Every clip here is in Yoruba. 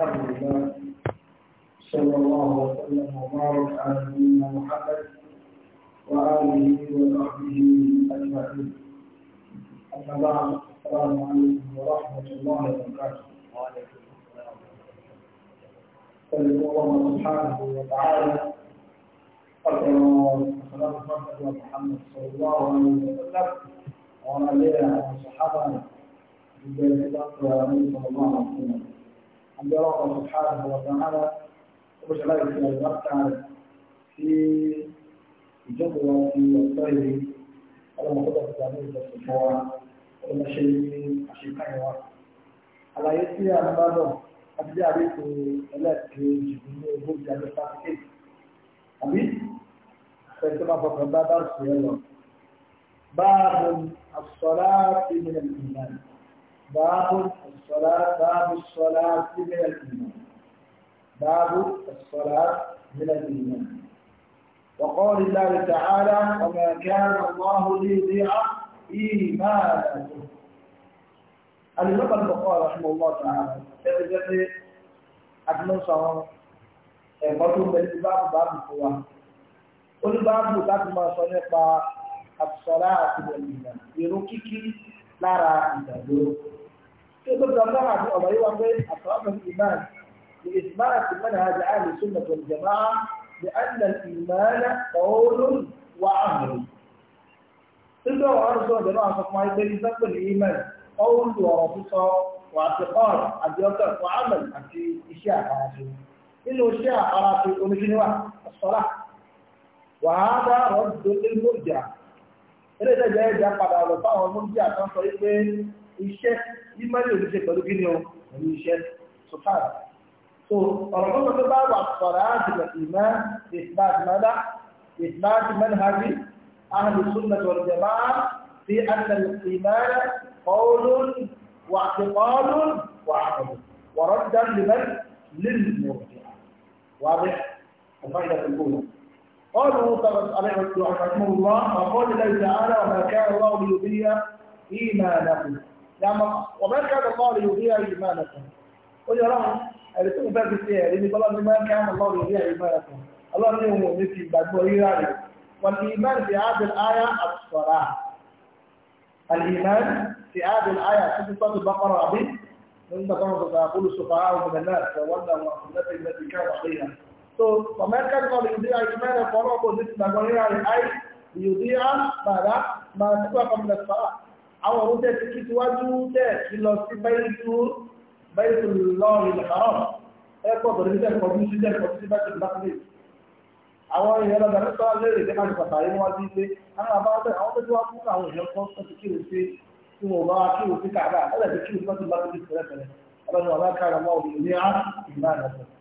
الحمد لله صلى الله وسلم وبارك على نبينا محمد وآله وصحبه أجمعين أما بعد السلام عليكم ورحمة الله وبركاته وعليكم السلام الله سبحانه وتعالى قدر صلاة محمد صلى الله عليه وسلم وعلى آله وصحبه وبارك على صلى الله عليه وسلم عند الله سبحانه وتعالى وجعل في المقطع في الجبر في الطيب على مقدار التعليم والصفوة وما شيء عشان كانوا على يسير هذا أبدي عليك ثلاث جبنة برج على فاتك أبي فكما فكر بعد الصلاة باب الصلاة من الإيمان باب الصلاة باب الصلاة من الإيمان باب الصلاة من الإيمان وقال الله تعالى وما كان الله ليضيع إيمانكم الإمام البخاري رحمه الله تعالى تجد أكمل صلاة ẹ̀kọ́tún pẹ̀lú باب báàbù fún wa ó ní báàbù láti الصلاة sọ nípa àtìsọ́lá لا ìrìn ìrìn تقدر الله في أضيوة بين أطراف الإيمان من هذا أهل السنة والجماعة لأن الإيمان قول وعمل إذا وأرسل جماعة صفحة يسمى الإيمان قول ورفقة واعتقاد أديوك وعمل أنتي إشياء حراسي إنه إشياء حراسي ومجنوة الصلاة وهذا رد للمرجع إذا جاء جاء قد أرسل المرجع كان صحيح iṣẹ́ ìmọ̀lẹ́ òṣìṣẹ́ pẹ̀lú kí ni o pẹ̀lú iṣẹ́ sọ̀tàn. so ọ̀rọ̀ tó bá wà sọ̀rọ̀ àdìgbà ìmọ̀ ìsìláàdì mọ́dá ìsìláàdì قالوا طبعا عليه رحمه الله وقال الله تعالى وما كان الله ليضيع إيمانكم لما وما كان الله ليضيع إيمانكم قل يا رب أرسلوا باب السيئة لأن قال ما كان الله ليضيع إيمانكم الله ليه مؤمنتي بعد مريراني والإيمان في هذه الآية الصلاة الإيمان في هذه الآية في سورة البقرة العظيم عظيم إن الله يقول السفهاء من الناس تولوا عقوبته التي كانوا عليها وما كان الله ليضيع إيمانكم فرعبه مثل ما قال أي ليضيع ماذا؟ ما سبق من الصلاة àwọn òun tẹ́ ti kí tíwájú tẹ́ kí lọ sí báyìtú báyìtú lọ́rin ìlàkàrọ̀ ẹ̀pọ̀ bẹ̀rẹ̀ ní tẹ́kọ̀ọ́ ní ṣíṣẹ́ ẹ̀kọ́ sí báyìtú lápẹ́lẹ̀ àwọn èèyàn lọ́gbà tó sọ́ra lérè tẹ́ máa pàtàkì ní wọ́n ti pé àwọn àbáwọ́tẹ́ àwọn tó wá fún àwọn èèyàn kan tó ti kírun sí tí wọ́n bá kírun sí kàdá ẹ̀lẹ́ ti kírun sí lápẹ́lẹ̀ tẹ́lẹ̀tẹ́lẹ̀ ọlọ́run ọ̀la kára mọ́ òun ní á so ìgbà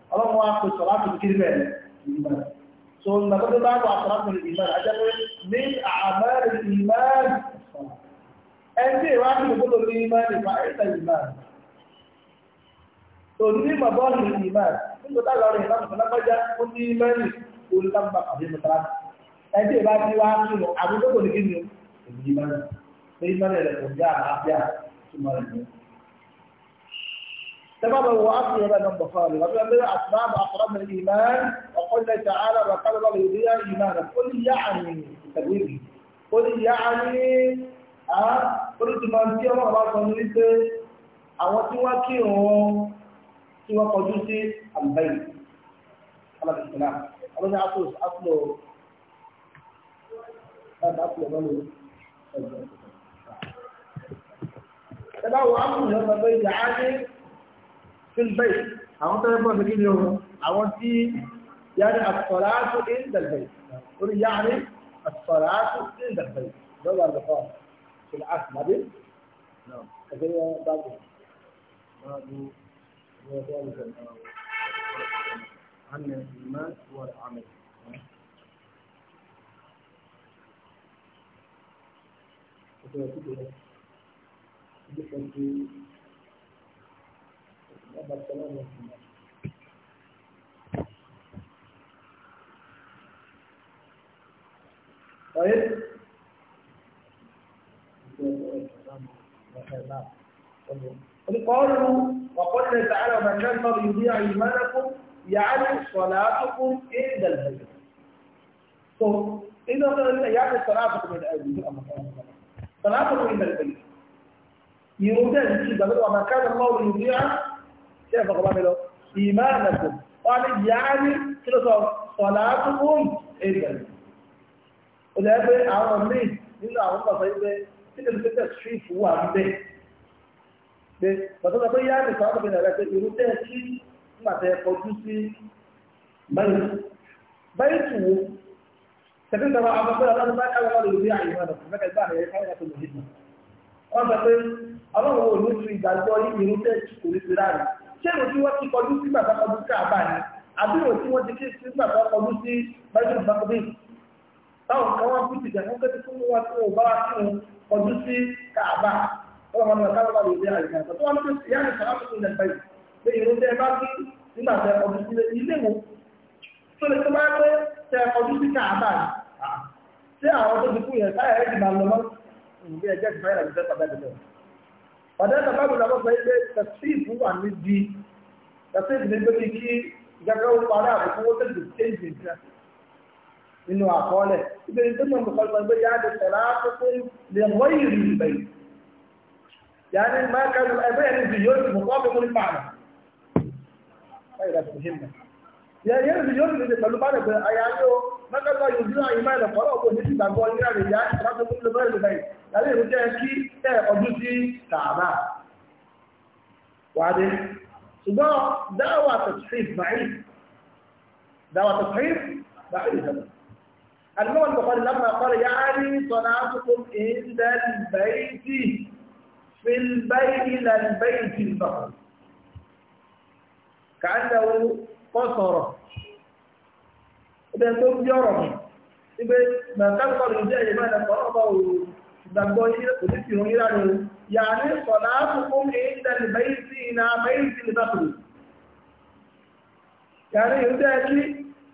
tó bá wà sọ láti ìgbà rẹ̀ ajẹ́ pé ẹtí ìwádìí gbọ́dọ̀ ní ìmáàlì fa ẹ̀ta ìmáàlì tò ní bàbá ọ̀nà ìmáàlì nígbà tá lọ́rọ̀ ìmáàlì fún lágbájá ó ní ìmáàlì olùtàgbà àbí mọ̀tàlá ẹtí ìwádìí wá ń lò àbí gbọ́dọ̀ ní kíni èmi ìmáàlì pé ìmáàlì rẹ̀ kò já àbíà túmọ̀ rẹ̀ ní. سبب هو أصل هذا البخاري وقال له أسباب أقرب الإيمان وقل تعالى وقال الله يضيع إيمانك قل يعني تبويبي قل يعني orítùmọ̀ tí ọmọ bá sọ ní wípé àwọn tí wọ́n kí òun tí wọ́n kọjú sí àlùbáyì alábìsílá ọlọ́dún apple apple ọ̀dà apple ọ̀dọ́ ẹ̀dá wo apple lọ́sọ̀ pé ìjà á dé fílbẹ̀ì àwọn tó rẹ́pọ̀ sí ní ohun àwọn tí yáni àtọ̀láàtù ìndàlbẹ̀ì orí yáni àtọ̀láàtù ìndàlbẹ̀ì lọ́wọ́ àlùkọ́ في العهد ما بين نعم هذا باب باب وذلك عن الإيمان والعمل طيب قالوا وقلنا تعالى وما كان قد يضيع ايمانكم يعني صلاتكم عند البيت. اذا قلنا يعني صلاتكم عند البيت صلاتكم عند البيت. يريدان كده وما كان الله يضيع كيف غلام له ايمانكم قال يعني, يعني صلاتكم عند البيت. ولكن بقى عمر إلا مين عمر níbi ìlú pẹ́tẹ́ ṣífù wà ń bẹ̀. pé pàtó pàtó yá ní sàwọn ọ̀gbìn rẹ̀ pé irú tẹ́ sí nígbà tẹ́ sí báyìí báyìí tù wò tẹ̀sí ìjọba àwọn ọmọ ọlọ́run bá káwọn ọmọ lòdì àyè wọn mẹ́kẹ́ gbà rẹ̀ káwọn ọmọ lòdì mọ̀. wọ́n sọ pé ọlọ́run ò ní fi ìgbàgbọ́ táwọn kan wá bùtì jà fún kẹ́tí fún wa tí wọ́n bá wá sí wọn kọjú sí káàbà wọ́n máa ń lọ káàbà lè dé àyíká tó wọ́n ti sì yára sàrà fún ilẹ̀ báyìí pé ìrún tẹ́ bá kí nígbà tẹ́ kọjú sí ilé wọn tó lè tó bá pé tẹ́ kọjú sí káàbà ṣé àwọn tó ti kú yẹn táyà ẹ̀jì máa lọ mọ́ ìgbé ẹ̀jẹ̀ ti báyìí làbẹ́ padà bẹ̀rẹ̀ ọ̀dẹ́ nínú àkọọ́lẹ̀ ìbéèrè tó mọ̀ nǹkan gbàgbé yáde sọ̀rọ̀ àkókò lè wọ́n ìrì ìbẹ̀ yìí yáde máa kájú ẹgbẹ́ yẹn níbi yóò ti mọ̀kọ́ bí mo ní pààlà báyìí láti fi hìnnà yẹn níbi yóò ti lè pẹ̀lú bá dẹ̀gbẹ̀ àyà ń lò mẹ́kànlá yóò dúró àyè máa lọ fọ́lọ́ òkú níbi ìgbàgbọ́ yíra rẹ̀ yá ìtàkùn tó lè bẹ́ẹ̀ lẹ́yìn dáwà tẹ̀síf báyìí dáwà tẹ̀síf الإمام البخاري لما قال يعني صنعتكم عند البيت في البيت إلى البيت البخاري كأنه قصر إذا كنت يرمي ibe mẹ̀kẹ́kọ̀ọ́ ló jẹ́ ìmọ̀ ẹ̀kọ́ ọba ìgbàgbọ́ onífihàn yíra ni yà ní sọ̀lá fúnfún ní ìdẹ̀lì bẹ́yìsì iná bẹ́yìsì ní bàtùrù yà ní ìrúdẹ́ ẹ̀kí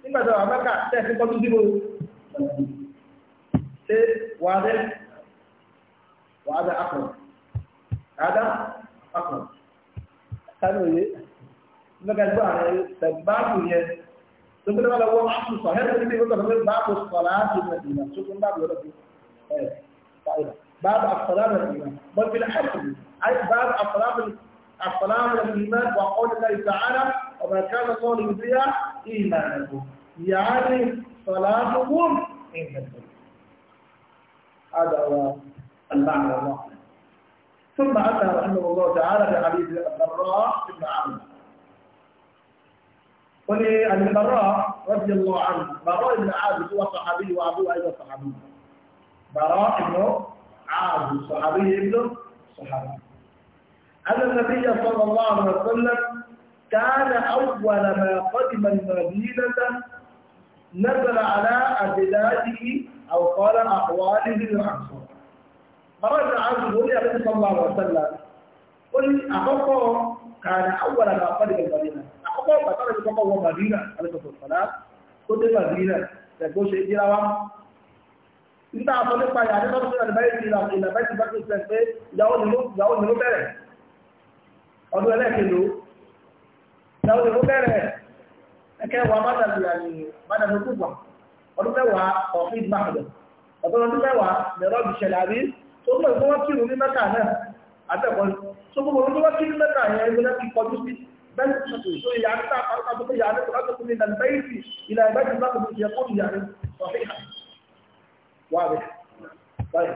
nígbàtà àmẹ́kà tẹ́ẹ̀kí pọ́tù síbò واضح وهذا أقرب هذا أقرب قالوا لي ما قال بقى سباب ويا سبب ولا هو عصر صحيح اللي يقول لك باب الصلاة في المدينة شوف باب ولا في باب الصلاة في المدينة بل في الحكم أي باب الصلاة الصلاة من الإيمان وقول الله تعالى وما كان الله ليضيع إيمانكم يعني صلاتهم عند البيت هذا هو المعنى الواحد ثم أتى رحمه الله تعالى بحديث البراء بن عمرو وللبراء رضي الله عنه براء بن عازب هو صحابي وأبوه أيضا صحابي براء بن عازب صحابي ابن صحابي أن النبي صلى الله عليه وسلم كان أول ما قدم المدينة نزل على أجداده أو قال أقواله الأقصى فرجع عنه يقول النبي صلى الله عليه وسلم قل أخوه كان أول ما قدم المدينة أخوه فترى بكم هو مدينة عليه الصلاة والسلام قلت مدينة تقول شيء كذا وام إنت أصلي ما يعني ما تصير البيت إلى إلى بيت بكر السنة يقول له يقول له بره أقول لك له يقول له بره ẹ̀kẹwàá mádàlú yàní mádàlú kúgbà ọdún mẹ́wàá ọ̀fíìd máàdọ̀ ọ̀tọ́ ọdún mẹ́wàá mẹ́rọ ìṣẹ̀lẹ̀ àbí tó mọ̀ ìfún wọn kírun ní mẹ́ta náà àtẹ̀kọ́ tó gbogbo ọdún wọn kírun mẹ́ta yẹn ìwé náà ti kọjú sí bẹ́ẹ̀ tó so ìyá níta àpárá tó tó yà ní kọ́lá tó kún ní nàìjíríà ìlà ìgbà tó bá tó yẹ kó ìyá ní sọ̀fíà wà bẹ́ẹ̀ báyìí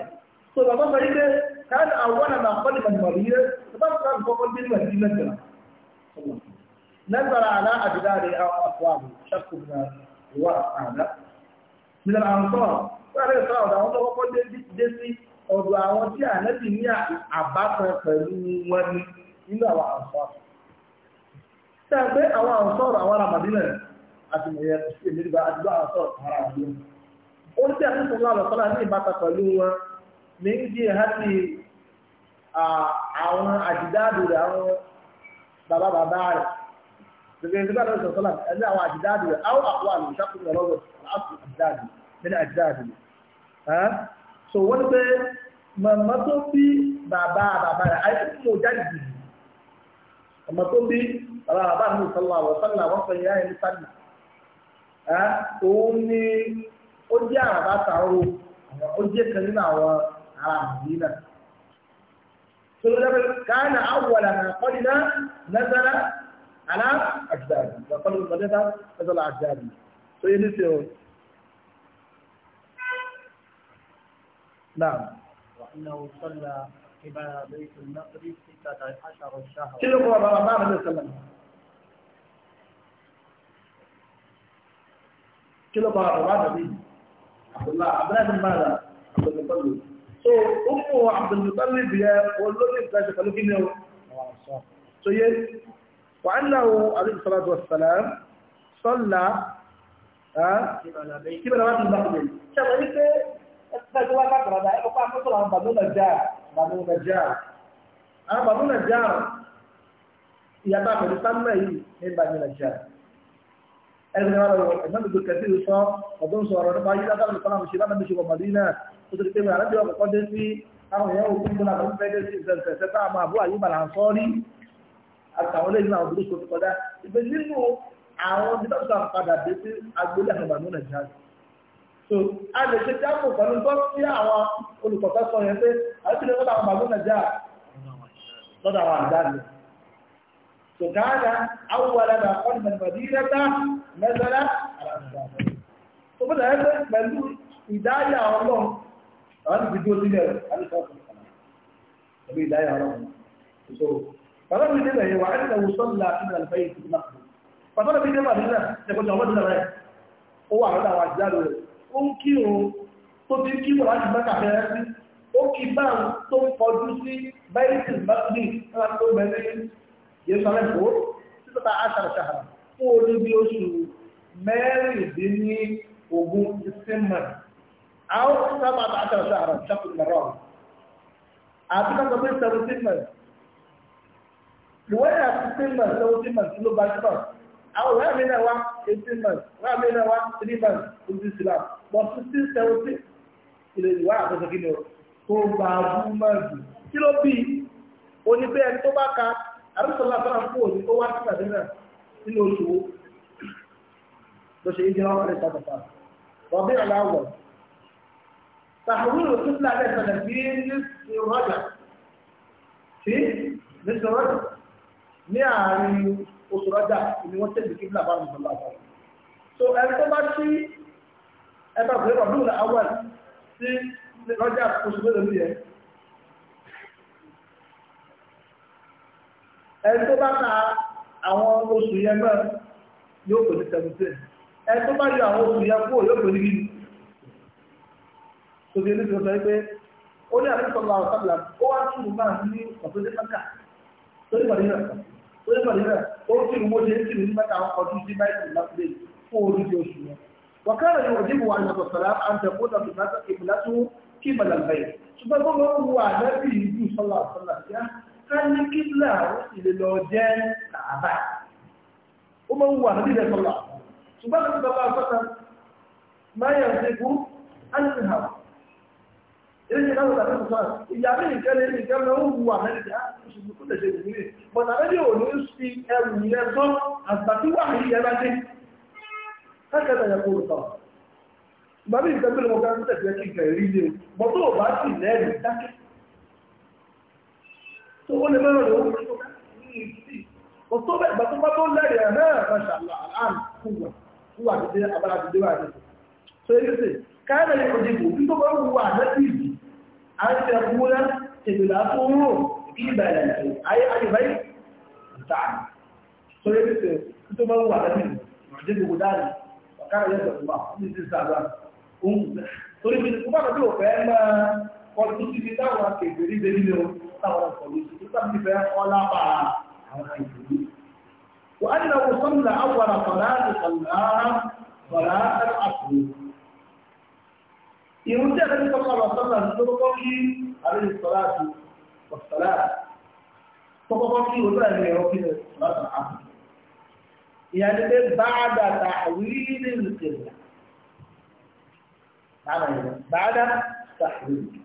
so bàbá sọ yìí pé káàdì àwọn àmà àkọ́lì màdìmọ̀lì yìí rẹ̀ bàbá sọ نزل على أجدار أو أصواب شك بن الورق هذا من الأنصار وعلى الصلاة والسلام وقال جسي ọ̀dọ̀ àwọn tí ànẹ́bì ní àbátan pẹ̀lú wọn ní nínú àwọn àǹsọ́rọ̀. Tẹ́ pé àwọn àǹsọ́rọ̀ àwọn àmàdínà àti mẹ̀yẹ ìmìlígbà àdúgbò àǹsọ́rọ̀ ara àdúgbò. Ó ń tẹ́ àtúntò náà lọ́sọ́lá ní ìbátan pẹ̀lú wọn ní ń di ẹ̀há ti àwọn àdìdáàdù rẹ̀ àwọn bàbá bàbá rẹ̀ daga yanzu ba da wasu salam yanzu a wajen dadi au a kuwa ne shakun da rawar al'asu ajdadi min ajdadi ha so wani pé màmá tó bí bàbá bàbá rẹ̀ ayé tó mú jáde jù màmá tó bí bàbá bàbá mi sọlá wọ sọlá wọn sọ yẹn ayé sálì ha òun ni ó jẹ́ àràbà sàrò ó jẹ́ kan nínú àwọn ará Màdínà sọlá dábẹ́ káyọ̀ àwọn àwọn àkọ́dínà nàzàrà. على أجدادهم وقالوا المدينة نزل أجدادهم so you need to نعم وأنه صلى قبل بيت المقدس ستة عشر شهرا كل قرى رمضان عليه وسلم كل قرى رمضان عبد الله عبد الله بن ماذا عبد المطلب so أمه عبد المطلب هي ولد كذا قالوا كنيو so yes وأنه عليه الصلاة والسلام صلى كبر وقت المقبل شاء الله فجوا كبر هذا يقع مثلا بنو نجار بنو نجار أنا بنو نجار يبقى من سنة من بنو نجار ẹgbẹ́ wa lọ́wọ́ ẹ̀gbọ́n mi gbèkẹ́ sí sọ ọdún sọ̀rọ̀ nípa yíyá bá mi sọ́nà mùsùlùmí àmì ṣùgbọ́n mọ̀lẹ́yìn náà ó ti pé mi àlejò ọkọ̀ dé sí àwọn èèyàn òkú gbọ́dọ̀ àti fẹ́ẹ́ dé sí ìfẹsẹ̀ sẹ́ta àmọ́ àbúrò àyíbàlà sọ́ọ́rí àtàwọn lẹ́yìn náà ọdún tó ti kọjá ìgbẹ́ nínú àwọn dídọ́tà padà dé sí agboolé àwọn ìbànú nàìjíríà so a lè ṣe jáàpù pẹ̀lú tó sí àwọn olùkọ́tà sọ yẹn pé àbílẹ̀ lọ́dọ̀ àwọn ìbànú nàìjíríà lọ́dọ̀ àwọn àdáàlẹ̀ so káàdà awọ́lẹ̀ náà kọ́ni mẹ́tẹ̀mẹ́tẹ̀ yìí rẹ́ta mẹ́tẹ̀lá so bó dàá pé pẹ̀lú ìdáyà ọlọ́run àwọn ìdíjú sílẹ̀ àdìsọ́kùn ìdáyà so فلما جبه وعنده صلى من البيت المقدس فطلب جبه لله يقول له ودنا معي هو عمدا وعزاله أمكيه تبكي وعج بك حياتي أكبر ثم قدسي بيت المقدس أنا أقول بني يسالة بور ستة عشر شهرا قولي بيوشو ماري ديني وقوم السمر أو سبعة عشر شهرا شهر المرأة أعطيك أن تقول 17 مرة ìwọ́yà fifteen months seventeen months ló bá jùlọ àwọn ìwọ́yà mi náà wá eighteen months ìwọ́yà mi náà wá three months ojú islam but sixteen seventeen ilé ìwọ́yà tó sọ kí ni o tó bá bú mọ́ọ̀dù kí ló bí onígbé ẹni tó bá ka àrùsọ̀lá sọ́nà fún òní tó wá sí nàìjíríà nínú oṣù wo ló ṣe ìjìnlá wọn lè sàtọ̀tà rọ̀bí ọ̀làwọ̀ tàhùrù tó ń lálẹ́ sọ̀nà bí ní ìrọ̀jà sí ní ìrọ̀jà ní àárín oṣù rọ́jà ni wọ́n tẹ̀lé kíbla bá mi lọ́la sọ̀rọ̀ so ẹni tó bá tí ẹ gbé rọ̀dún ní awal sí rọ́jà oṣù mélòó ní yẹn ẹni tó bá ka àwọn oṣù yẹn náà yóò pè ní seventeen ẹni tó bá yọ àwọn oṣù yẹn kúrò yóò pè ní gíní tòbí ẹni tó sọ pé ó ní àtúntò lọ́wọ́ sábà ó wá túnú náà ní ọ̀tún dé mẹ́ta torí wà ní ìrẹ̀kọ́ ó yẹ pẹ̀lú rẹ̀ ó sì ń wọ́n ṣe ń tìrì nígbà táwọn ọdún sí báyìí lọ́pẹ́ fún oríṣi oṣù yẹn wọ̀kẹ́rẹ̀ ni òjì buwa ní ọ̀sọ̀rọ̀ àǹtẹ̀ kó tàbí láti ìbìlá tó kí ìbàlàbẹ̀ ṣùgbọ́n tó lọ́wọ́ wà lẹ́bí ìlú sọ́lá sọ́lá yá ká ní kí là ó sì lè lọ jẹ́ kàábà ó máa ń wà lẹ́bí ilẹ̀ sọ́lá ṣùgbọ́n tó tọ́lá sọ́lá máa yẹ ṣe kú ánìsì hà ilé ìdáwọ̀ tàbí sọ́lá ìyá mi nìkan lè nìkan lọ́wọ́ wà lẹ́bí ìlú bọ̀nà lẹ́bí ò ní fi ẹrù yẹn tó àgbà tí wà ní ẹgbẹ́ dé kákẹ́tà yẹn kó lùtọ̀ ìgbà bí nǹkan tó lè mọ ká tẹ̀ fẹ́ kí nǹkan rí lé o bọ̀ tó o bá sì lẹ́rìí dákẹ́ tó ó lè mẹ́rọ̀ lọ́wọ́ so yẹ kí káyọ̀ lè kọjú ìbò bí tó bá wù wà قبلا أي أي بيت بتاعنا سورة كتب هو على مين معجزة غداني وكان يدعو الله من ذي الزعبان سورة من الكبار دي وفاهم قال تسيبي دعوة كبيري دليل طورا فلوسي تسمي فيها قولا بها وأنه صلى أول صلاة صلاة صلاة العصر يرجع النبي صلى الله عليه وسلم يقول عليه الصلاة والسلام والصلاة فقط في ولا يروي صلاة العصر يعني بعد تحويل القبلة معنى بعد تحويل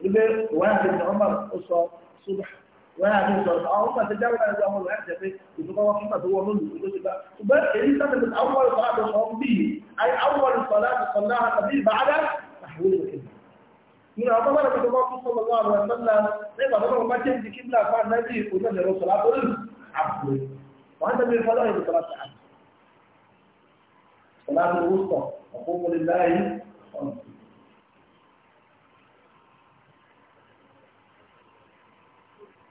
يبقى واحد من عمر أصلا صبح واحد من عمر أصلا في الدولة أنا أقول لك في يتطور فيما هو منه يقول لك وبس الإنسان من أول صلاة صلى به أي أول صلاة صلاها قبيل بعد تحويل nínú àwọn bábá lọ́pọ̀ tó bá fún sọ́lọ́ wà lọ́wọ́ sọ́lá nígbà tó bá jẹ́ ìdí kíbla fún anábì onídàrọ̀ sọ̀lá torí àbúrò wọn tẹ̀lé fọlọ́ ìlú sọ̀lá sí àbúrò sọ̀lá tó wù sọ̀ ọ̀pọ̀ wọlé láàyè ọ̀nà.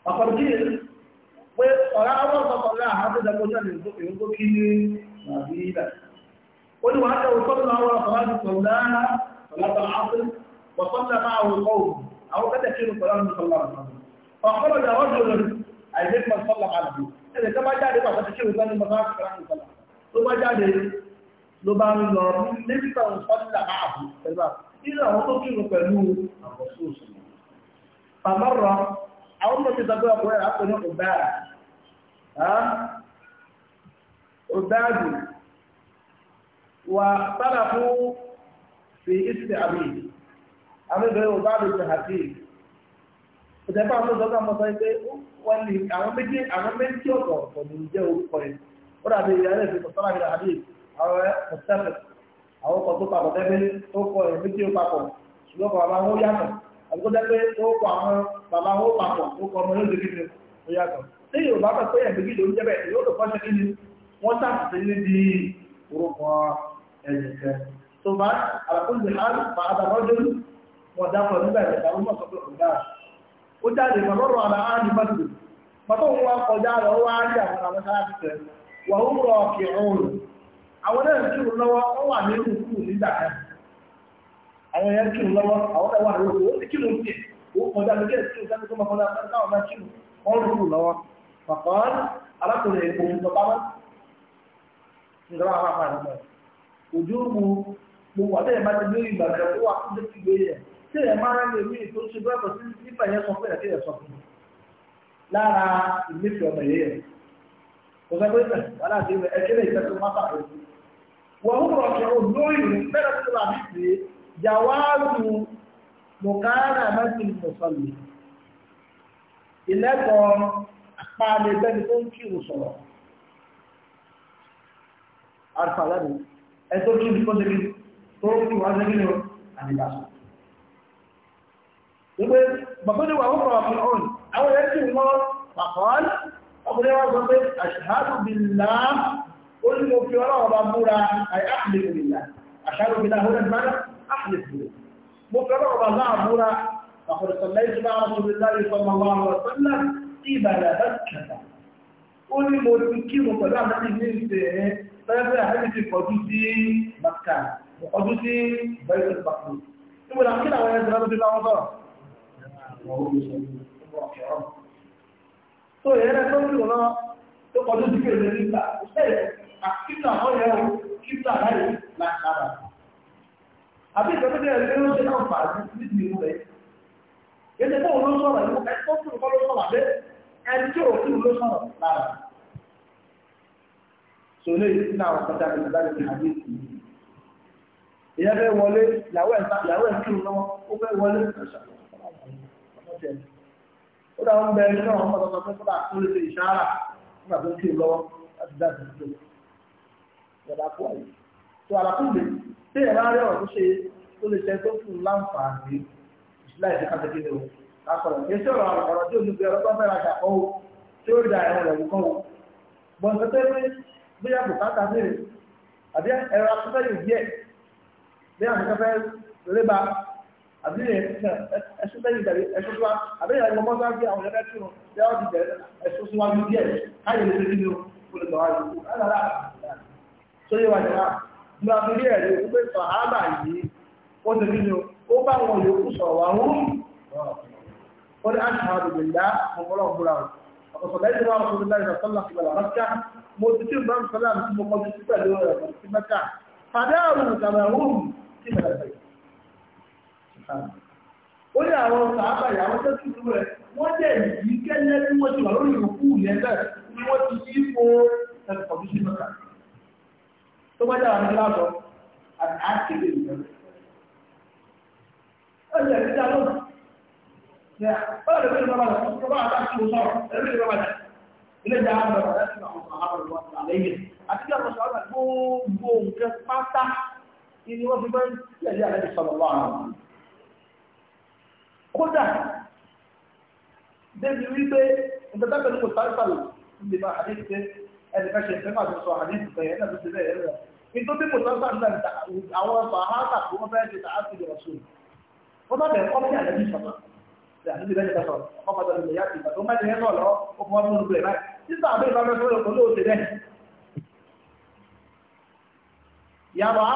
ọ̀pọ̀lọpọ̀ pé ọ̀rá ọwọ́ sọ̀kọ̀lá àádọ́dàgbọ́jọ́ lè tó èyí tó kí ní nàìjíríà ó ní wàá tẹ̀wọ́ sọ́kọ̀lá ọwọ́ sọ̀lá وصلى معه القوم أو قد كانوا كلام صلى الله عليه وسلم فخرج رجل أي من صلى على النبي إذا كما جاء لما تشير ذلك المساك كلام صلى ثم جاء لما نظر لم صلى معه إذا هو كيلو كلام الرسول صلى الله فمر أول ما تتبع قوية أقول عباد ها عباد واختلفوا في اسم أبيه àwọn ìbẹ̀rẹ̀ ò bá lè ṣe àti ìtẹ́fà àwọn ìjọba mọ̀ sọ pé wọ́n ní àwọn méjì àwọn méjì ọ̀tọ̀ ọ̀tọ̀ ní jẹ́ orúkọ yẹn ó dàbí ìyá rẹ̀ fi sọ́ra ìlà àdé àwọn ọ̀sẹ̀fẹ̀ àwọn ọkọ̀ tó papọ̀ tẹ́lẹ̀ tó kọ ẹ̀ méjì ó papọ̀ ṣùgbọ́n kọ̀ bàbá wọn yàtọ̀ àbúkọ́ jẹ́ pé ó kọ àwọn bàbá wọn papọ̀ ó kọ ọmọ yóò débi ó yàtọ̀ tí yóò bá pẹ́ ẹ̀ méjì tó bá àlàkùnrin àbá àbàkọ́jọ́ wọ́n dákọ̀ nígbà ìrẹ̀dà ó mọ̀ sọ ó jáde mọ̀ lọ́rọ̀ áàdì mọ́tò mọ́tò wọn kọjá lọ ó rọ̀ kì àwọn wà ó tí ẹ̀ máa ń lè mí tó ṣe bẹ́ẹ̀ sí nípa ìyẹn sọ pé ẹ̀kẹ́ ẹ̀ sọ fún mi lára ìmísì ọmọ ìyẹn yẹn kò sọ pé ẹ̀ wà láti ẹ̀ ẹ̀ kéde ìfẹ́ tó má bà rẹ̀ sí. wọ́n ń rọ̀ ṣe olóyè bẹ́ẹ̀ tó rà mí pé jàwáàlù mùkárà mẹ́tì mùsọ̀lì ìlẹ́kọ̀ọ́ apáàlẹ̀ bẹ́ni tó ń kírun sọ̀rọ̀ àrùfàlẹ́bù ẹ̀ tó kí ní kó wípé bàbúrú wà ó rọ̀ fún òun àwọn ẹ̀rẹ́ sì mọ́ pàkọ́l ọkùnrin wá sọ pé ashhadu billah ó ní mo fi ọlọ́wọ́ bá múra àyè ahlifu billah ashhadu billah ó lẹ́nu mẹ́rin ahlifu mo fi ọlọ́wọ́ bá náà múra فقد صليت مع رسول الله صلى الله عليه وسلم قبل مكة ó ní mo ti kí mo pẹ̀lú àmọ́lì ní ìṣẹ́ ẹ̀ pẹ́lẹ́pẹ́ àmọ́lì ti kọjú sí Maka kọjú sí bẹ́ẹ̀sì pàtó nígbàdà kí làwọn ẹ̀sìn lọ́dún tó yẹ tó kúrò náà tó kọjú sí pé ìlú nígbà ṣe àkíkà ọyẹ o kíkà láyé àbí ìjọba jẹ ló ṣe náà fà á sí ìlú rẹ yẹn tó wọlé ìyàwó ẹ kírun ó fẹ́ wọlé ìṣàkóso jẹ ó dá wọn bẹ̀rẹ̀ nínú àwọn ọmọdé ọmọdé fúnra tó lè ṣe ìṣára nígbà tó ń kí lọ́wọ́ láti dá ìdílé ìjọba kú àyè tó àlàkùnlé tí ẹ̀ máa rí ọ̀rọ̀ tó ṣe tó lè ṣe tó fún un láǹfààní ìṣúná ìṣe kájọkí ni o lásọ̀rọ̀ kì í ṣe ọ̀rọ̀ ọ̀rọ̀ tí òní bẹ̀rẹ̀ ó da ẹ̀rọ rẹ̀ kọ́ o àbí ẹ̀sùn tẹ́lẹ̀ tẹ̀lé ẹ̀sùn tó wá àbí ẹ̀rọ mọ́ sáà bí àwọn ẹ̀rẹ́ tí ó ṣe ọ́ ti tẹ̀lé ẹ̀sùn tó wá ní díẹ̀ káyọ̀ lè rí ní olùgbà wáyé alára tó yẹ wà jẹ́ra ní wàá torí ẹ̀rí ó pé sọ ààbà yìí ó ti rí ní ó bá wọn yòókù sọ̀rọ̀ wà wọ́n ó ní àṣà àdùgbìlá mọ̀kọ́lọ́ ọ̀gbùra ọ̀sọ̀ lẹ́yìn tí wọ́n sọ lẹ́yìn sọ sọ́lá ìgbàlá mẹ́ta mo ti tí ìbámu sọ́lá àti mo kọ́ ti sí pẹ̀lú ẹ̀rọ sí mẹ́ta fàdé àrùn ìtàmẹ̀rún sí mẹ́ta ó ní àwọn sàábà ìyàwó tó ti rú rẹ̀ wọ́n jẹ́ ìdí kẹ́lẹ́ tí wọ́n ti wà lórí ìrùkú lẹ́lẹ̀ ni wọ́n ti yí po ẹ̀kọ́bíṣẹ́ mẹ́ta tó bá jà wọn lásọ àti àkèlè ìjọba ó jẹ́ ìdí àlọ́ Báyọ̀ lè bá bàjẹ́ tó bá àtàkì òṣàrọ̀ ẹ̀rí lè bá bàjẹ́. Ilé ìjà àwọn ọ̀rọ̀ láti àwọn ọ̀sán àwọn ọ̀rọ̀ àlẹ́yìn. Àti kí àwọn ọ̀sán gbogbo nǹkan pátá ni wọ́n fi bá ń tẹ̀lé àlẹ́ ìsọ̀rọ̀ lọ́wọ́ àwọn ọ̀rọ̀ kódà débi wípé ìgbàdá pẹ̀lú kò sáré sàlù níbi máa àdé ṣe ẹnì kan ṣe ìfẹ́ máa sọ àdé ṣe fẹ́ ẹ̀ náà tó ṣe bẹ́ẹ̀ rẹ̀ nítorí kò sáré sàlù náà àwọn ọ̀sán àhátà tó wọ́n fẹ́ ṣe tà á sì lọ sùn wọ́n bá bẹ̀rẹ̀ kọ́pì àlẹ́ bí sọ̀rọ̀ àti bẹ́ẹ̀ ta sọ̀rọ̀ ọmọ bàtà lè yá ti bàtà ọmọ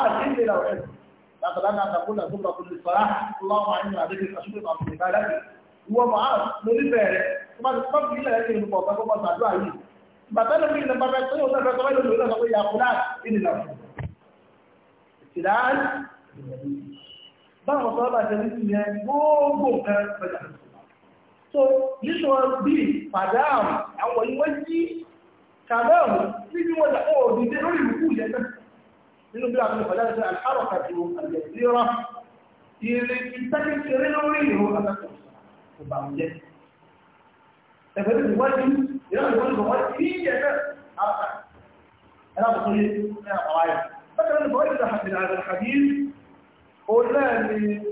ẹ̀jẹ̀ náà lọ لقد أنا نقول ذكر كل صلاح اللهم أعني على ذكر الأشهر مع العبادة هو معاذ لذي بارك ثم تقوم إلى هذه المقاطعة كما تعدوا عليه بدل من لما بيطلعوا لنا بيطلعوا لنا بيطلعوا لنا يا فلان إني لا ابتلاء báwọn sọ́lá tẹ̀lé yẹn gbogbo nǹkan pẹ̀lú so nítorí bí pàdáàmù àwọn ìwé jí kàdáàmù níbi wọ́n jà لأنه بلا من خلاص الحركة الجزيرة اللي تنتج شرير وليه هو هذا الشخص وبعدين تفهم الواجب يلا يقول الواجب في جزء آخر أنا بقول أنا قاعد مثلا الواجب ده حد من هذا الحديث قلنا إن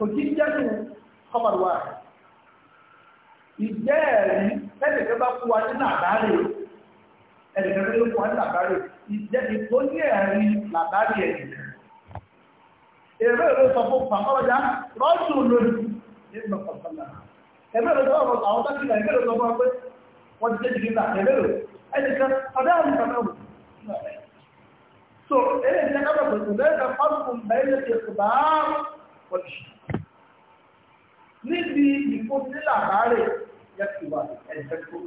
حجيجة خبر واحد إجازي تلك بقوة نعب عليه ẹnìkan tó ń fún ẹ làbárì ìjẹ́ni tó ní ẹ̀rí làbárì ẹ̀nìkan. èrò èrò sọ fún pàpọ́lọ́jà rọ́ọ̀tù lónìí nígbà pàpọ́lọ́jà ẹ̀mẹ́ ló sọ fún àwọn tábìlì ẹ̀mẹ́ ló sọ fún pé wọ́n ti tẹ́jú nígbà ẹ̀mẹ́ ló ẹnìkan ọ̀dọ́ àmì kan náà wò. so eré ìjẹ́ ká bẹ̀rẹ̀ pẹ̀lú ẹ̀ka fọ́ọ̀mù bẹ́ẹ̀ lè ṣe níbi ìfúnnilàbárè yẹ kí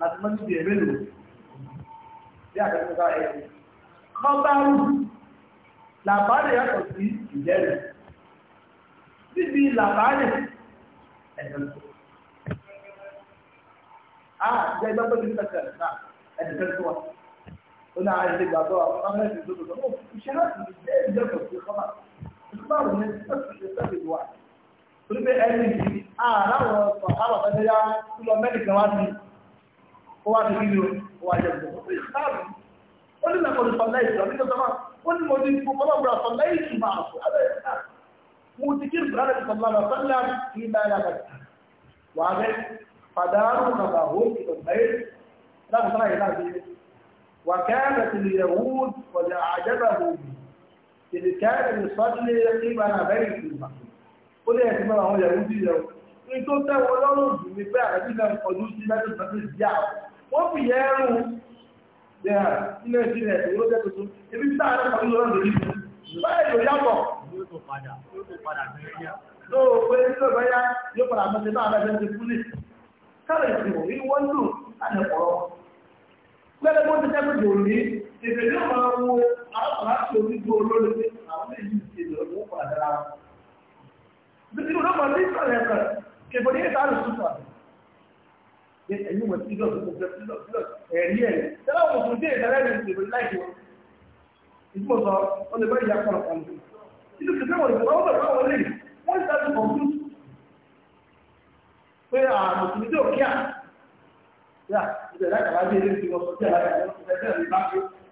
láti mọ́ níbi ẹ̀rẹ́ lò bí àtẹ́sọ́ká ẹ̀rẹ́ kọ́bárù làbárẹ̀ yàtọ̀ sí ìjẹ́rẹ̀ níbi làbárẹ̀ ẹ̀rẹ́ lò ah jẹ́ ìgbà tó ti tẹ̀sẹ̀ náà ẹ̀dẹ̀kẹ́ tó wà ó náà ẹ̀dẹ̀ ìgbà tó wà fún amẹ́rin tó tó tó iṣẹ́ láti jẹ́ sí wá sí nínú wà jẹ́ gbogbo ìsáàbù ó ní lẹ́kọ̀ọ́ ìsọ̀lá ìsọ̀lá ní ọjọ́ máa ó ní mo ní gbogbo ọlọ́gbọ̀n àsọ̀lá ìsọ̀lá àbẹ̀ ìsọ̀lá mo ti kí ìbúra lẹ́sìn sọ̀lá lọ sọ́lá ti lọ kẹ́rẹ̀ ti lè yẹ̀wò wọ̀dà àjẹ́bà gbòògì ìdí kẹ́rẹ̀ lè sọ́lé kí n bá yára bẹ́ẹ̀ ìsọ̀lá ó lè ẹ̀sìn mọ́ àwọn yẹ̀wò wọ́n fi yẹ ẹrùn dẹ̀ ilẹ̀ ìsìnlẹ̀ ìwé jẹ́ tuntun ibi tí àárẹ̀ pàdé lọ́rọ̀ lórí báyìí ló yàtọ̀ yóò tó padà yóò tó padà Gbẹ́gbẹ́ bó ti jẹ́ pẹ̀lú òní, ìfẹ̀ yóò máa wo arákùnrin àti onígbò olóòrùn pé àwọn èyí ti lọ ní ọ̀pọ̀ àdára. Bí i ọ̀nà pàdé ìsọ̀rẹ̀ ẹ̀kọ̀, kèbò ẹni mọ̀ sí lọ́ọ̀dù mo fẹ́ lọ́ọ̀dù ẹ̀rí ẹ̀rí tẹ́lá mo tún dé ìdára ẹ̀rí ìdìbò láìpẹ́ wọn ìdúmọ̀ sọ wọn lè bá ìyá pọ̀lọ̀ kan jù nínú kẹfẹ́ wọn ìgbà wọn bẹ̀rẹ̀ wọn lè wọ́n ti dájú kọ̀ọ̀tù pé àmọ̀tún ní òkè à yà ìbẹ̀rẹ̀ láìpẹ́ wájú ilé ìdìbò sọ sí àlàyé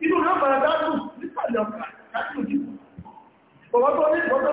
inú náà bàrà dájú nípàdé ọ̀kà kájú òjì bọ̀wọ́ tó ní ìbọ̀tọ́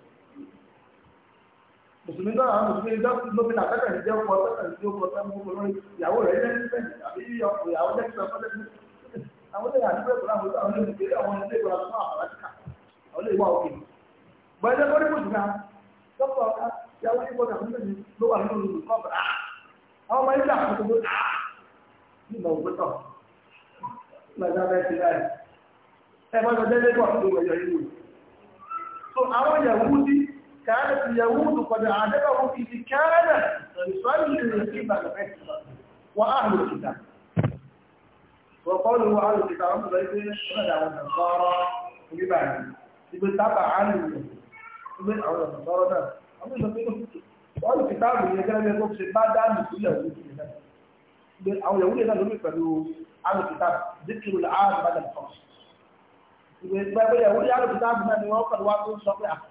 mùsùlùmí náà àwọn mùsùlùmí lómìnà tẹ́tẹ̀ ní jẹ́ ọkọ̀ tẹ́tẹ̀ ní ọkọ̀ tẹ́tẹ̀ ní ọkọ̀ lórí ìyàwó rẹ̀ ní ẹni tẹ́tẹ̀ tàbí ọkọ̀ ìyàwó lẹ́kìtà fọ́lẹ́kì àwọn ilé àdúgbò ìgbà àwọn àwọn ilé ìgbà àwọn ilé ìgbà àwọn àbàlájìkà àwọn ilé ìwà òkè gbọ́dọ̀ lórí mùsùlùmí dọ́kọ̀ ìyàwó ìgbà àwọn ilé ló wà nínú ìlú kọ́ bàá àwọn ọmọ ilé àkókò tó à nígbà òwe tọ̀ lọ́jà bẹ́ẹ̀ ti láì ẹ bá lọ ìyàwó ti كانت اليهود قد عادته في ذكانة يصلي في المسجد بيت وأهل الكتاب وقالوا أهل الكتاب أنت بيت الشهد على النصارى لبعض يبقى تابع عن اليهود يبقى النصارى ده أمي الكتاب اللي كان يقول في بعد أهل الكتاب يبقى أهل اليهود ده اللي يقولوا أهل الكتاب ذكروا العاد بعد الخمس يبقى يقول أهل الكتاب ما نوقف الوقت وصفي أحد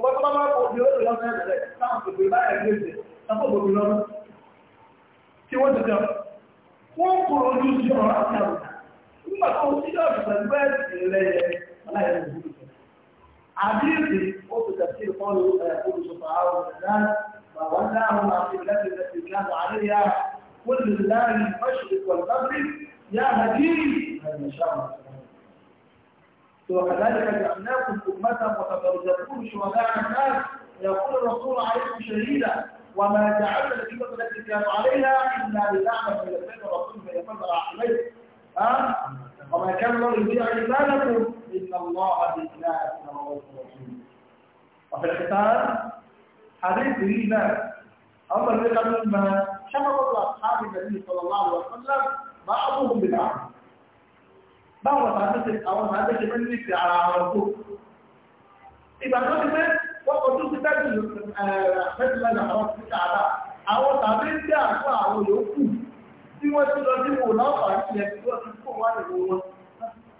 ṣùgbọ́n tó bá bá kò ní oṣù lọ́sẹ̀ ẹ̀rẹ̀ táwọn kò pè báyà ní èdè táwọn kò pè lọ́nà kí wọ́n ti jẹun wọ́n kò rojú sí ọ̀rọ̀ àti àbùkù nígbà tó ń ṣíjọ́ ìṣẹ̀lẹ̀ bẹ́ẹ̀ sì lẹ́yẹ aláìlẹ́ àdíyèsí ó ti tẹ̀sí ìfọ́nù olùsọ̀fà àwọn ọ̀dà bàbá dáhùn àti ìlẹ́sìn ìlẹ́sìn ìlànà àríyá قل لله المشرق والمغرب يا هدي من يشاء وكذلك جعلناكم أمة وتفرجتكم شهداء الناس يقول الرسول عليكم شهيدا وما جعلنا الكلمة التي كانوا عليها إلا لنعمة من يسير الرسول من يفضل عليه ها وما كان الله يطيع عبادكم إن الله بالله ورسوله وفي الختام حديث هنا أما الذي قبل ما شمل أصحاب النبي صلى الله عليه وسلم بعضهم بالبعض báwọn sàbẹ̀sẹ̀ àwọn sàbẹ̀sẹ̀ fẹ́ ní ti ara wọn tó. ìgbà tó ti pé wọ́n kò tún ti bẹ́ẹ̀ jù fẹ́tìlẹ́nà àwọn ti kàrà àwọn sàbẹ̀sẹ̀ àtọ́ àwọn yòókù tí wọ́n ti lọ sí wò láwọn àti ẹ̀ tí wọ́n ti kó wá nìwò wọn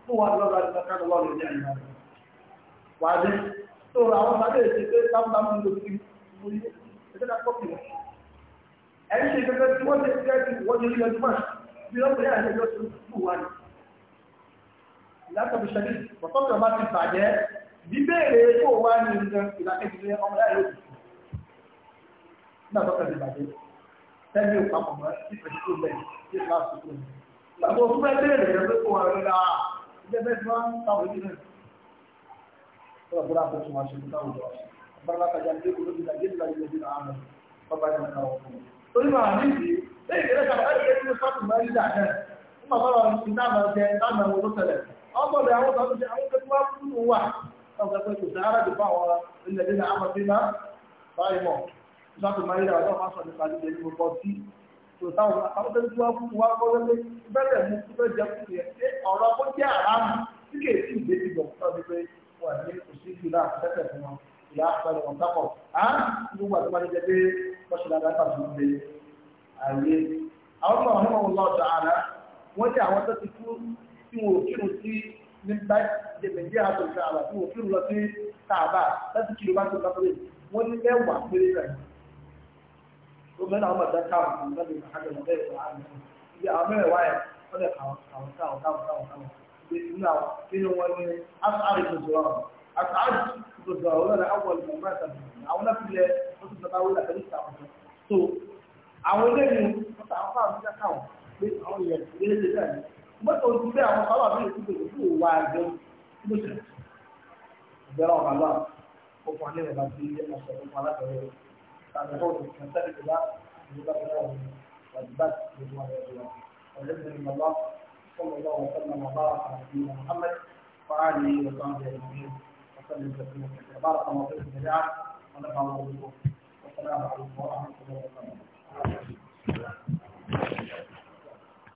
fún wa lọ́la ìgbàkan wà lórí àyà rẹ̀. wàá dé tó àwọn sàbẹ̀sẹ̀ pé tábùlámù ló ti mú ẹgbẹ́ ìlàtọ̀bí ṣẹlẹ̀ pọ̀tọ́tọ̀ bá ti bàjẹ́ bíbéèrè kó wá ní nǹkan ìlàkejì ọmọ láyé òkú nígbà tọ́tọ̀ ti bàjẹ́ tẹ́lẹ̀ ò mọ́ sí pẹ̀lú bẹ́ẹ̀ sí láti kú ìgbàgbọ́ fún ẹ béèrè rẹ pé kó wà rẹ rà ilé bẹ́ẹ̀ tí wọ́n ń táwọn ìdí náà tọ́lá bọ́lá bó tún wá ṣe nígbà wọ́n bọ́lá kájà ní ìlú ìlú ìlú ìlú ìlú ọgbọ̀dọ̀ àwọn ọ̀dọ́ ti àwọn kẹtù wá fún un wà ọgbẹ́ pé kò sáárà jù fáwọn ilẹ̀ nínú àwọn bí má báyìí mọ̀ láti máa yíra ọ̀dọ́ máa sọ nípa líle ní gbogbo ọtí tó táwọn àwọn kẹtù wá fún un wá kọ́ lẹ́lẹ́ bẹ́ẹ̀ mú kú fẹ́ jẹ fún yẹn pé ọ̀rọ̀ kó jẹ́ àrámù tí kì í sì gbé ti gbọ̀ fún ọdún pé wà ní kò sí ìlú náà tẹ́tẹ̀ fún wọn ìyá àpẹẹrẹ wọn dápọ̀ á gbogbo àti wọn jẹ pé wọ́n ṣe dáadáa tàbí wọn lè àyè àwọn ọmọ ọmọ wọn lọ́ọ̀dọ̀ àná wọ́n jẹ́ àwọn tó ti kú tí wọ́n kírun sí ní nàìjíríà tó ń sáàbà tí wọ́n kírun lọ sí sáàbà láti kírun bá tó bá péré wọ́n ní mẹ́wàá péré rẹ̀ tó mẹ́rin àwọn ọmọdé káwọn kò lọ́dún àgbẹ̀ lọ́dẹ̀ ìfọ̀ àmì ibi àwọn mẹ́rin wáyà wọ́n lẹ̀ káwọn káwọn káwọn káwọn káwọn káwọn ibi inú àwọn inú wọn ní asáré gbogbo ọ̀rọ̀ asáré gbogbo ọ̀rọ̀ lọ́dẹ̀ so àwọn ilé ìlú ọ̀tà àwọn fáwọn ti ká káwọn mọ́tò ojú bẹ́ẹ̀ àwọn sábà bí èsì pé òkú òwò àjọ ló ṣe ìbẹ̀rẹ̀ ọ̀nà náà ó fún alẹ́ ìrọ̀lá sí ọ̀sẹ̀ tó fún alábẹ̀rẹ̀ tàbí kó tó kàn sẹ́ni tó bá ìlú bá fẹ́rẹ̀ ọ̀hún wàjúbà tó fún alẹ́ ìrọ̀lá ọ̀lẹ́ ìrìn lọ́lá صلى الله وسلم وبارك على نبينا محمد وآله وصحبه أجمعين وسلم تسليما كثيرا بارك الله فيكم جميعا ونفع الله بكم والسلام عليكم ورحمة الله وبركاته